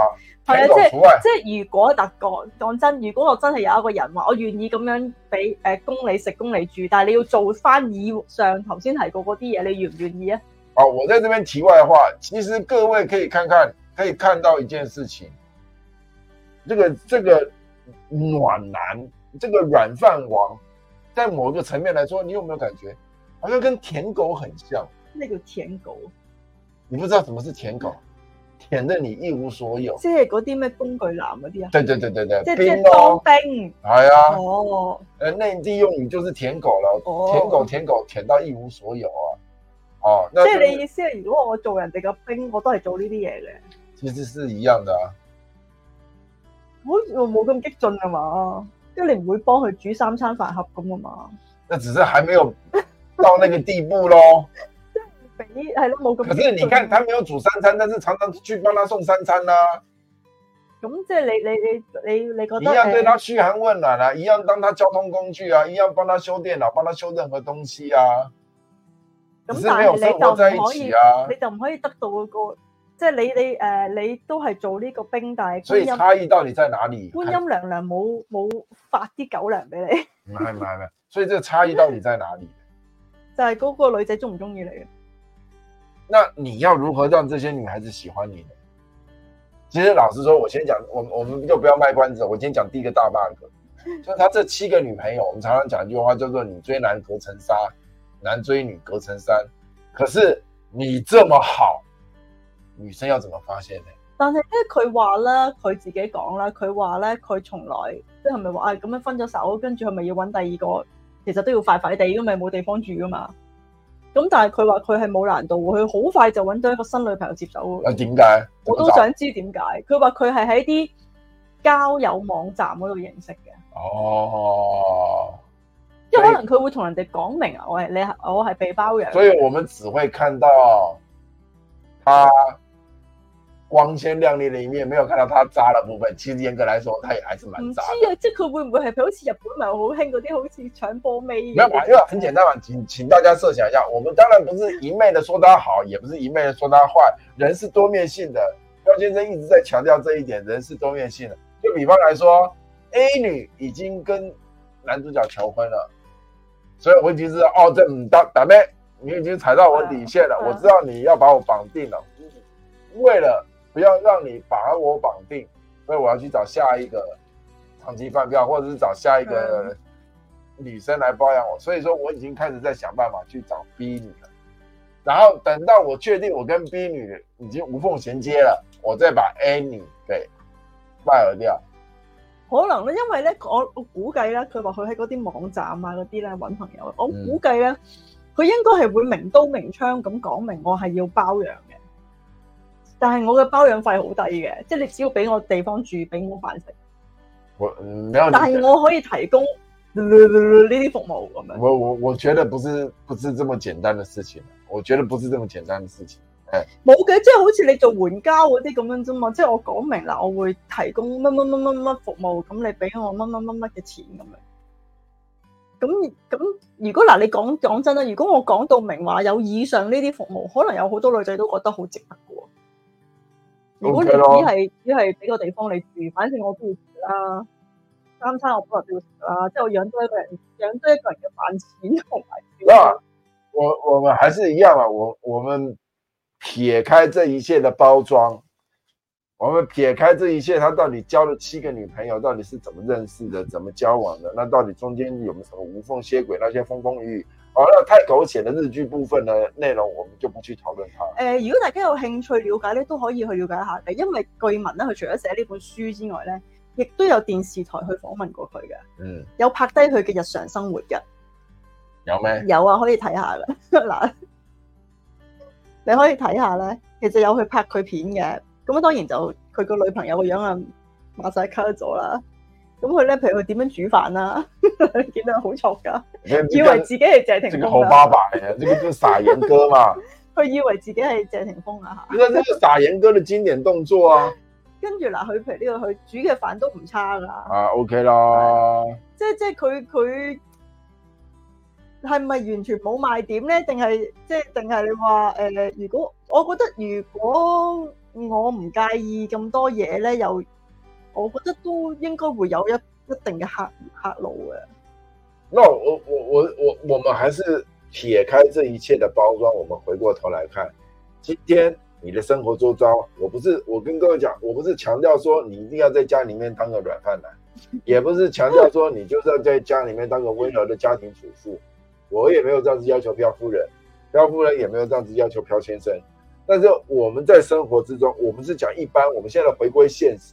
S2: 田總除
S1: 外，即係如果特講講真的，如果我真係有一個人話，我願意咁樣俾誒供你食供你住，但係你要做翻以上頭先提過嗰啲嘢，你願唔願意啊？
S2: 哦，我在這邊題外話，其實各位可以看看，可以看到一件事情，這個這個。暖男這個軟飯王，在某一個層面來說，你有沒有感覺好像跟舔狗很像？那個舔狗，你不知道什麼是舔狗，舔、嗯、得你一無所有。即
S1: 係嗰啲咩工具男嗰啲啊？對
S2: 對對對對，即係當
S1: 兵。係啊。
S2: 哦。誒，內地用語就是舔狗了
S1: 舔狗舔、oh. 狗
S2: 舔到一無所有啊！哦、啊。即、就是、你意
S1: 思係，如果我做人哋個兵，我都係做呢啲嘢嘅。
S2: 其實是一樣的。
S1: 我冇咁激進啊嘛，即係你唔會幫佢煮三餐飯盒咁啊嘛。
S2: 那 只是還沒有到那個地步咯。即
S1: 係俾係咯，冇咁。可是你看，
S2: 他沒有煮三餐，但是常常去幫他送三餐啦、
S1: 啊。咁即係你你你你你覺得一樣對他噓
S2: 寒問暖啦、啊， 一樣當他交通工具啊，一樣幫他修電腦，幫他修任何東西啊。
S1: 咁是，是沒有生活在一起啊，你就唔可，可以得到嗰個。即係你你誒，你都係做呢個兵，但所以差異
S2: 到底在哪裡？觀音
S1: 娘娘冇冇發啲狗糧俾你？
S2: 唔係唔係唔係，所以呢個差異到底在哪裡？就
S1: 係、是、嗰個女仔中唔中意你？那
S2: 你要如何讓這些女孩子喜歡你呢？其實老實說，我先講，我我們就不要賣關子。我先講第一個大 bug，就係他這七個女朋友。我們常常講一句話，叫做“女追男隔層紗，男追女隔層山”，可是你這麼好。女生要怎麼發現咧？
S1: 但係咧，佢話啦，佢自己講啦，佢話咧，佢從來即係咪話啊咁樣分咗手，跟住係咪要揾第二個？其實都要快快地咁咪冇地方住噶嘛。咁但係佢話佢係冇難度，佢好快就揾到一個新女朋友接手。啊，點解？我都想知點解。佢話佢係喺啲交友網站嗰度認識嘅。哦，即係可能佢會同人哋講明啊，我係你，我係被包養。所以
S2: 我們只會看到。光鮮亮麗的一面，沒有看到他渣的部分，其實嚴格來說，他也還是蠻渣的。
S1: 不知啊，這個即係佢會唔會好似日本好興嗰啲好似搶波尾？沒有、啊，因為
S2: 很簡單嘛、啊，請請大家設想一下，我們當然不是一昧的說他好，也不是一昧的說他壞，人是多面性的。高先生一直在強調這一點，人是多面性的。就比方來說，A 女已經跟男主角求婚了，所以我已經知道，哦，這嗯，大大妹，你已經踩到我底線了、啊，我知道你要把我綁定了，啊、為了。不要讓你把我綁定，所以我要去找下一個長期飯票，或者是找下一個女生來包養我。所以說我已經開始在想辦法去找 B 女了。然後等到我確定我跟 B 女已經無縫銜接了，我再把 A 女嘅 fire 掉。
S1: 可能呢，因為呢，我我估計呢，佢話佢喺嗰啲網站啊嗰啲咧揾朋友，我估計咧，佢、嗯、應該係會明刀明槍咁講明我係要包養但係我嘅包養費好低嘅，即係你只要俾我地方住，俾我飯食。
S2: 我但係我
S1: 可以提供呢啲服務咁樣。
S2: 我我我覺得不是不是這麼簡單的事情，我覺得不是這麼簡單的事情。誒、哎，冇
S1: 嘅，就是，即係好似你做援交嗰啲咁樣啫嘛，即係我講明嗱，我會提供乜乜乜乜乜服務，咁你俾我乜乜乜乜嘅錢咁樣。咁咁如果嗱，你講講真啦，如果我講到明話有以上呢啲服務，可能有好多女仔都覺得好值得嘅。Okay、如果你只係只係俾個地方你住，反正我都要住啦，三餐我本來都要食啦，即係我養多一個人，養多一個人嘅飯錢
S2: 係咪？嗱，我我們還是一樣啊，我我們撇開這一切的包裝，我們撇開這一切，他到底交了七個女朋友，到底是怎麼認識的，怎麼交往的？那到底中間有沒有什麼無縫接軌？那些風風雨雨？好啦，太狗血的日劇部分嘅內容，我們就不去討論它。
S1: 誒、呃，如果大家有興趣了解咧，都可以去了解下。誒，因為據聞咧，佢除咗寫呢本書之外咧，亦都有電視台去訪問過佢嘅，嗯。有拍低佢嘅日常生活嘅。有咩、呃？有啊，可以睇下噶。嗱， 你可以睇下咧，其實有去拍佢片嘅。咁啊，當然就佢個女朋友個樣啊，馬賽克咗啦。咁佢咧，譬如佢點樣煮飯啊？見到好挫噶， 以為自己係謝霆鋒啊？呢個河馬
S2: 嘅，呢個叫傻嚴哥嘛。
S1: 佢以為自己係謝霆鋒、 這個、啊？呢
S2: 個呢個傻嚴哥嘅經典動作啊。
S1: 跟住嗱，佢譬如呢個佢煮嘅飯都唔差噶。
S2: 啊，OK 啦。
S1: 即係即係佢佢係咪完全冇賣點咧？定係即係定係你話誒、呃？如果我覺得如果我唔介意咁多嘢咧，又。我覺得都應該會有一一定的客客路嘅。那、
S2: no, 我我我我，我們還是撇開這一切的包裝，我們回過頭來看，今天你的生活周遭，我不是我跟各位講，我不是強調說你一定要在家裏面當個軟飯男， 也不是強調說你就算在家裏面當個溫柔的家庭主婦， 我也沒有這樣子要求漂夫人，漂夫人也沒有這樣子要求漂先生。但是我們在生活之中，我們是講一般，我們現在的回歸現實。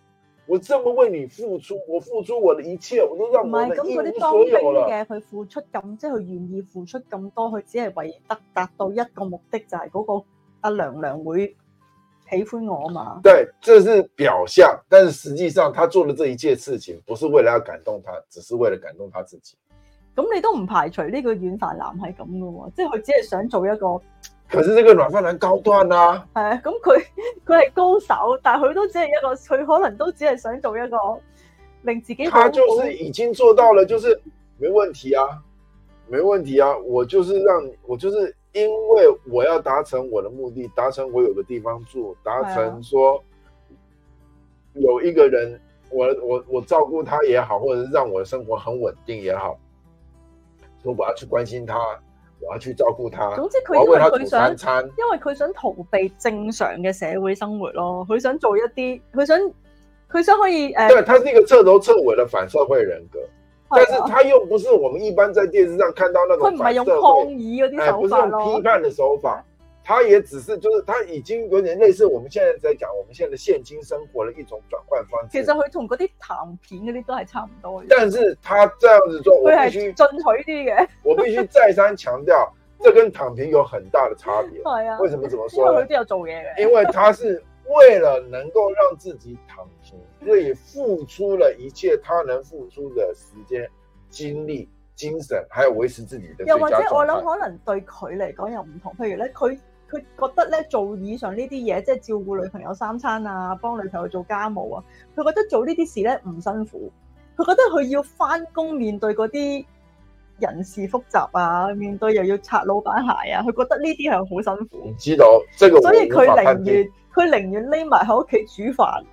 S2: 我這麼為你付出，我付出我的一切，我都讓唔係咁嗰啲當兵嘅，
S1: 佢付出咁，即係佢願意付出咁多，佢只係為得達到一個目的，就係嗰個阿娘娘會喜歡我嘛？
S2: 對，這是表象，但是實際上，他做嘅這一切事情，不是為了要感動他，只是為了感動他自己。
S1: 咁你都唔排除呢個軟飯男係咁噶喎，即係佢只係想做一個。
S2: 可是呢個軟飯男高端啊，
S1: 係咁佢，佢係高手，但佢都只係一個，佢可能都只係想做一個令自己。他就是已
S2: 經做到了，就是沒問題啊，沒問題啊，我就是讓，我就是因為我要達成我的目的，達成我有個地方住，達成說有一個人，我我我照顧他也好，或者是讓我的生活很穩定也好，說我要去關心他。我要去照顧他，總之他為他餐餐，佢因為佢想，
S1: 因為佢想逃避正常嘅社會生活咯，佢想做一啲，佢想佢想可以誒，佢、呃、係一個
S2: 徹頭徹尾嘅反社會人格，是但是他又唔係我們一般在電視上看到那種，佢唔係用抗
S1: 議嗰啲手法，批判
S2: 嘅手法。哎他也只是，就是他已經有點類似我們現在在講我們現在的現今生活的一種轉換方式。其實佢
S1: 同嗰啲躺平嗰啲都係差唔多。但是
S2: 他這樣子做，我必須
S1: 進取啲嘅。
S2: 我必須再三強調，這跟躺平有很大的差別。係
S1: 啊，為什麼咁麼說一定要做嘅，因為他是
S2: 為了能夠讓自己躺平，所以付出了一切他能付出的時間、精力、精神，還有維持自己的。又或者我諗
S1: 可能對佢嚟講又唔同，譬如咧佢。佢覺得咧做以上呢啲嘢，即係照顧女朋友三餐啊，幫女朋友做家務啊，佢覺得做呢啲事咧唔辛苦。佢覺得佢要翻工面對嗰啲人事複雜啊，面對又要擦老闆鞋啊，佢覺得呢啲係好辛苦。唔
S2: 知道，這個、所以佢寧願
S1: 佢寧願匿埋喺屋企煮飯，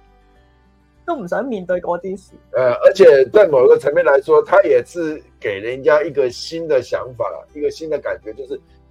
S1: 都唔想面對嗰啲事。誒，而且在某
S2: 一個層面來說，他也是給人家一個新的想法，一個新的感覺，就是。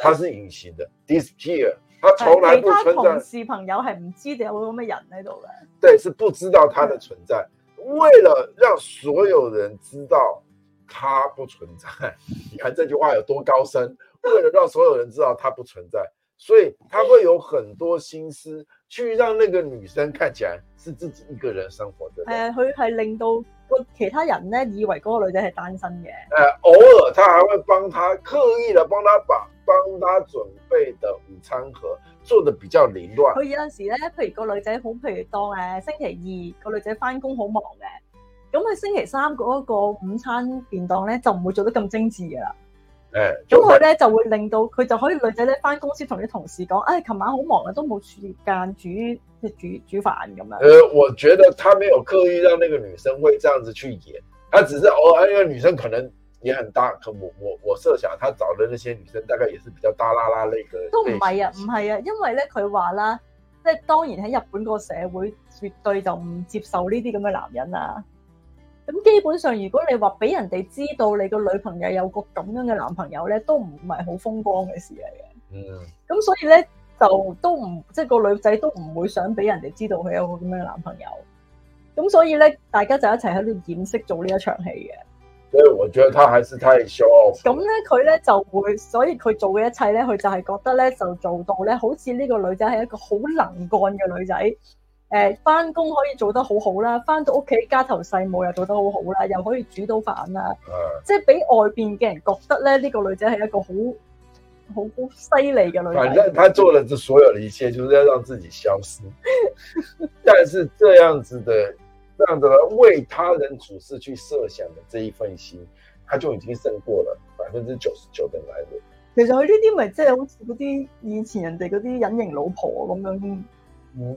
S2: 他是隱形的，disappear，他從來不存在。其他同事
S1: 朋友係唔知就有咁嘅人喺度嘅。
S2: 對，是不知道他的存在，為了讓所有人知道他不存在。你 看這句話有多高深，為了讓所有人知道他不存在，所以他會有很多心思去讓那個女生看起來是自己一個人生活的，的。
S1: 佢係令到。其他人咧，以為嗰個女仔係單身嘅。
S2: 誒，偶爾他還會幫他刻意地幫他把幫他準備的午餐盒做得比較凌亂。佢
S1: 有陣時咧，譬如個女仔好，譬如當誒、啊、星期二個女仔翻工好忙嘅，咁佢星期三嗰個午餐便當咧就唔會做得咁精致嘅啦。咁佢咧就會令到佢就可以女仔咧返公司同啲同事講，啊、哎，琴晚好忙啊，都冇時間煮即煮煮，煮飯咁樣、嗯。
S2: 我覺得他沒有刻意讓那個女生會這樣子去演，他只是哦然，個女生可能也很大。可我我我設想他找的那些女生大概也是比較大啦啦類型。都唔係
S1: 啊，唔係啊，因為咧佢話啦，即、就是、當然喺日本個社會絕對就唔接受呢啲咁嘅男人啊。咁基本上，如果你話俾人哋知道你個女朋友有個咁樣嘅男朋友咧，都唔係好風光嘅事嚟嘅。嗯。咁所以咧，就都唔即係個女仔都唔會想俾人哋知道佢有個咁樣嘅男朋友。咁所以咧，大家就一齊喺度掩飾做呢一場戲嘅。
S2: 所以我覺得他還是太 show。
S1: 咁咧，佢咧就會，所以佢做嘅一切咧，佢就係覺得咧，就做到咧，好似呢個女仔係一個好能幹嘅女仔。誒、呃，返工可以做得好好啦，返到屋企家頭細務又做得好好啦，又可以煮到飯啦，啊，即係俾外邊嘅人覺得咧，呢、這個女仔係一個好好犀利嘅女。反正她做了
S2: 所有的一切，就是要讓自己消失。 但是這樣子的、這樣子為他人處事去設想的這一份心，他就已經勝過了百分之九十九的男人。
S1: 其實佢呢啲咪即係好似嗰啲以前人哋嗰啲隱形老婆咁樣。嗯。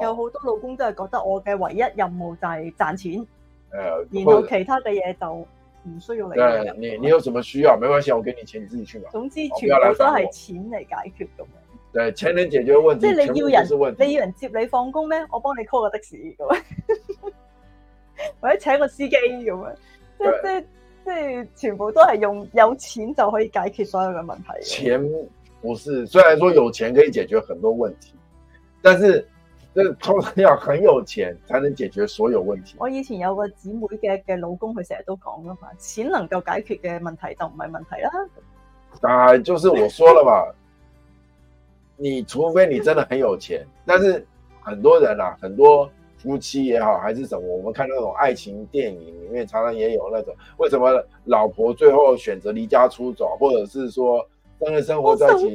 S1: 有好多老公都係覺得我嘅唯一任務就係賺錢，誒、uh，然後其他嘅嘢就唔需要你。Uh,
S2: 你你有什麼需要？冇關係，我給你錢，你自己去買。總之全部都係
S1: 錢嚟解決咁。
S2: 對，錢能解決問題，即係你，你要人，你要人
S1: 接你放工咩？我幫你 call 個的士咁， 或者請個司機咁樣，即即即係全部都係用有錢就可以解決所有嘅問題的。錢
S2: 不是，雖然說有錢可以解決很多問題，但是。即係通常要很有錢，才能解決所有問題。
S1: 我以前有個姊妹嘅嘅老公，佢成日都講咯嘛，錢能夠解決嘅問題就唔係問題啦。
S2: 當然、啊，就是我說了嘛， 你除非你真的很有錢，但是很多人啊，很多夫妻也好，還是什麼，我們看那種愛情電影裏面，常常也有那種、個，為什麼老婆最後選擇離家出走，或者是說，真的生活在一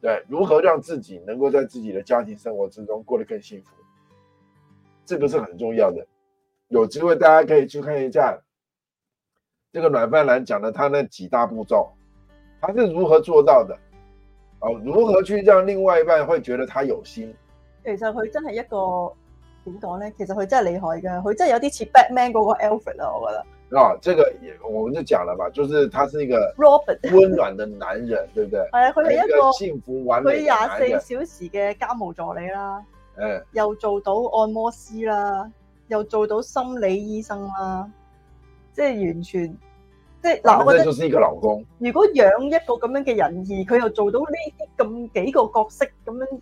S2: 對，如何讓自己能夠在自己的家庭生活之中過得更幸福，這個是很重要的。有機會大家可以去看一下這個軟飯男講的他那幾大步驟，他是如何做到的？哦、啊，如何去讓另外一半會覺得他有心？
S1: 其實佢真係一個點講咧，其實佢真係厲害噶，佢真係有啲似 Batman 嗰個 Alfred 啦、啊，我覺得。
S2: 嗱、啊，這個我們就講了吧，就是他是一個溫暖的男人，Robert，對不對？係啊，佢係一個幸佢廿四小
S1: 時嘅家務助理啦，誒、嗯，又做到按摩師啦，又做到心理醫生啦，即係完全即係嗱，我覺得呢個老公，如果養一個咁樣嘅人兒，佢又做到呢啲咁幾個角色咁樣。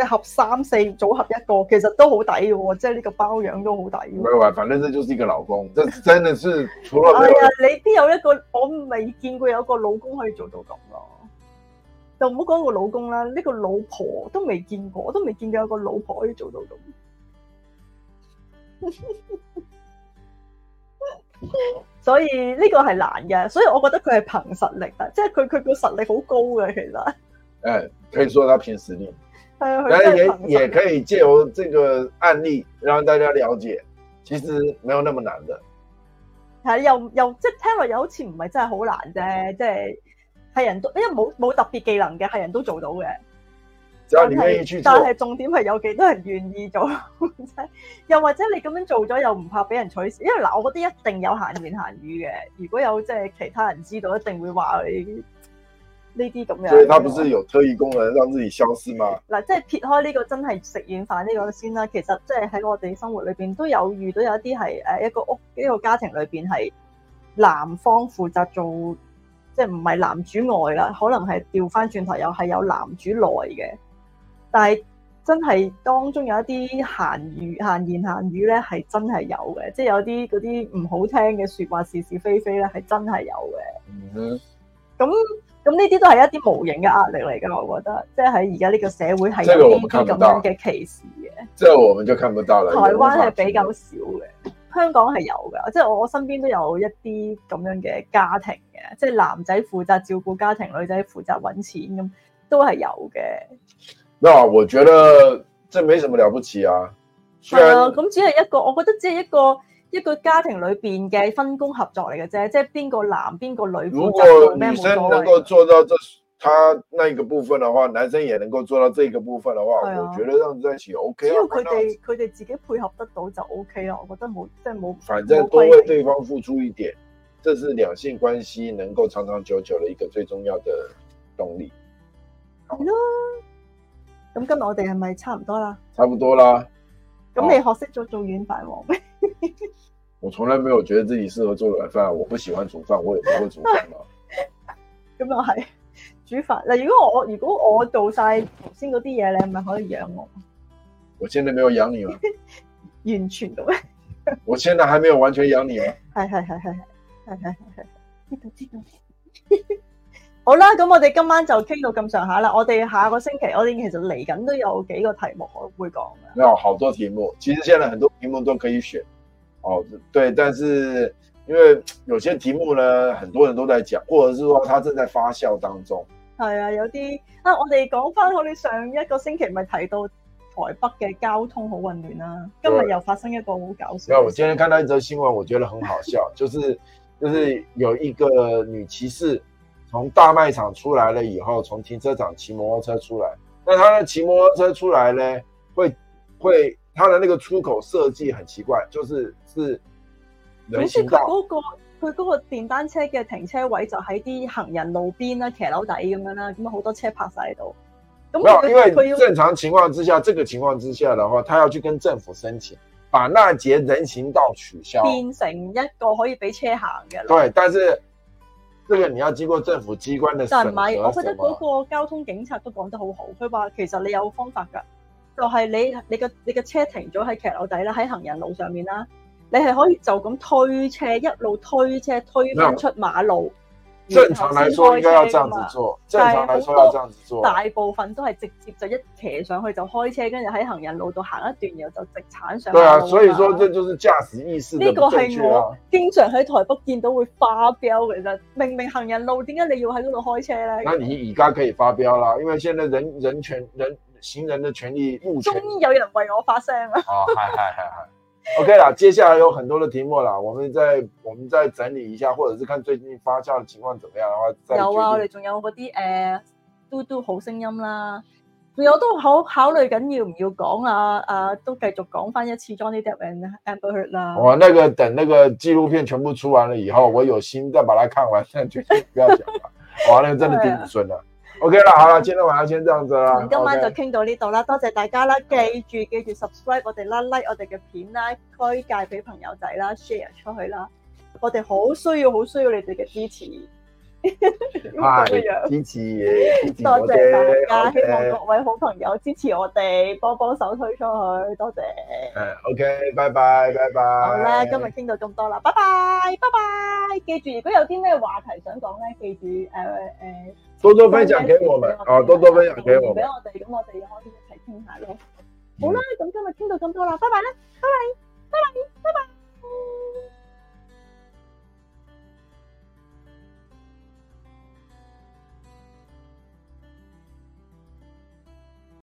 S1: 即係合三四組合一個，其實都好抵嘅，即係呢個包養都好抵。喂，反正
S2: 呢，就是一個老公，真 真係除咗係啊、
S1: 哎，你邊有一個我未見過，有個老公可以做到咁咯。就唔好講個老公啦，呢、這個老婆都未見過，我都未見過有個老婆可以做到咁。 所以呢個係難嘅，所以我覺得佢係憑實力啊，即係佢佢個實力好高嘅，其實。誒、
S2: 欸，可以說他平時
S1: 但係也也
S2: 可以借由這個案例讓大家了解，其實沒有那麼難的。
S1: 係又又即係聽落又好似唔係真係好難啫，即係係人都，因為冇冇特別技能嘅，係人都做到嘅。
S2: 但係但係
S1: 重點係有幾多人願意做， 又或者你咁樣做咗又唔怕俾人取笑，因為嗱，我覺得，一定有閒言閒語嘅。如果有即係其他人知道，一定會話你。呢啲咁樣，所以佢唔係有
S2: 特異功能，讓自己消失嗎？
S1: 嗱，即係撇開呢、這個真係食軟飯呢個先啦。其實即係喺我哋生活裏邊都有遇到有一啲係誒一個屋一個家庭裏邊係男方負責做，即係唔係男主外啦？可能係調翻轉頭又係有男主內嘅。但係真係當中有一啲閒語閒言閒語咧，係真係有嘅，即係有啲嗰啲唔好聽嘅説話，是是非非咧，係真係有嘅。嗯哼，咁。咁呢啲都係一啲無形嘅壓力嚟噶，我覺得，即係喺而家呢個社會係有呢咁樣嘅歧視嘅。這個我們，這個我們
S2: 就看不到了。台灣係比較少
S1: 嘅、這個，香港係有嘅。即係我身邊都有一啲咁樣嘅家庭嘅，即係男仔負責照顧家庭，女仔負責揾錢咁，都係有嘅。
S2: 冇，我覺得這沒什麼了不起啊。
S1: 雖然咁，嗯，只係一個，我覺得只係一個。一個家庭裏邊嘅分工合作嚟嘅啫，即係邊個男邊個女負責做咩嘢。如果女生能夠
S2: 做到這他那一個部分嘅話，男生也能夠做到這一個部分嘅話，啊，我覺得讓在一起 OK，啊。只要佢
S1: 哋佢哋自己配合得到就 OK 啦。我覺得冇即係冇，反正多為對
S2: 方付出一點，這是兩性關係能夠長長久久嘅一個最重要嘅動力。
S1: 係囉，啊，咁今日我哋係咪差唔多啦？
S2: 差唔多啦。咁你學
S1: 識咗做軟飯王咩？啊
S2: 我從來沒有覺得自己適合做軟飯，我不喜歡煮飯，我也不會煮飯嘛。
S1: 咁又係煮飯，嗱，如果我如果我做晒頭先嗰啲嘢咧，你係咪可以養我？
S2: 我現在沒有養你啊？
S1: 完全咁
S2: 我現在還沒有完全養你啊！係
S1: 係係係係係係，記得記得。好啦，咁我哋今晚就傾到咁上下啦。我哋下個星期我哋其實嚟緊都有幾個題目可會講
S2: 嘅。沒有，好多題目，其實現在很多題目都可以選。哦，對，但是因為有些題目呢，很多人都在講，或者是說它正在發酵當中。
S1: 係啊，有啲啊，我哋講翻我哋上一個星期咪提到台北嘅交通好混亂啦、啊，今日又發生一個好搞笑事。我今天看到
S2: 一則新聞，我覺得很好笑， 就是就是有一個女騎士。從大賣場出來了以後，從停車場騎摩托車出來，那他的騎摩托車出來呢，會會他的那個出口設計很奇怪，就是是人行道。
S1: 可是他嗰、那個，佢嗰個電單車嘅停車位就喺啲行人路邊啦、啊、騎樓底咁樣啦、啊，咁啊好多車泊晒喺度。咁因為
S2: 正常情況之下，這個情況之下的話，他要去跟政府申請，把那截人行道取消，變
S1: 成一個可以俾車行嘅。對，
S2: 但是。這個你要經過政府機關的，但是，但係唔係，我覺得嗰
S1: 個交通警察都講得好好。佢話其實你有方法噶，就係、是、你你個你個車停咗喺騎樓底啦，喺行人路上面啦，你係可以就咁推車，一路推車推翻出馬路。No. 正常來說應該要這樣子做，正常來說要這樣子做。大部分都係直接就一騎上去就開車，跟住喺行人路度行一段，然後就直鏟上去。對啊，所以說，
S2: 這就是駕駛意識的不正確，啊這個，是我啦。
S1: 經常喺台北見到會發飆，其實明明行人路，點解你要喺嗰度開車咧？那你
S2: 而家可以發飆啦，因為現在人人權人行人的權利目前終於
S1: 有人為我發聲啦。哦，係係係
S2: 係。O.K. 啦，接下來有很多的題目啦，我們再我們再整理一下，或者是看最近發酵的情況怎麼樣，然後再有啊，我哋仲
S1: 有嗰啲誒，嘟嘟好聲音啦，我都好考考慮緊要唔要講啦、啊，啊都繼續講翻一次 Johnny Depp and Amber Heard 啦。我、嗯啊、那個
S2: 等那個紀錄片全部出完了以後，我有心再把它看完，但就近不要講啦，我 那個真的頂唔順啦。O K 啦，好啦，今日晚上先這樣子啦。
S1: 咁今晚就傾到呢度啦，okay. 多謝大家啦！記住記住 subscribe 我哋啦、okay.，like 我哋嘅片啦，推介俾朋友仔啦、mm-hmm.，share 出去啦。我哋好需要好需要你哋嘅支持，咁嘅支
S2: 持多謝大家、哎 okay, 多謝大家 okay.，希望各
S1: 位好朋友支持我哋，幫幫手推出去，多謝。
S2: 誒，OK，拜拜拜拜。好啦，今日
S1: 傾到咁多啦，拜拜拜拜。記住，如果有啲咩話題想講咧，記住誒誒。Uh, uh, uh, 多多，多多分享給我們，啊，多多分享給我們。唔、啊、畀我哋，咁我哋又可以一齊傾下咯。好啦，咁今日傾到咁多啦，拜拜啦，拜拜，拜拜，拜拜。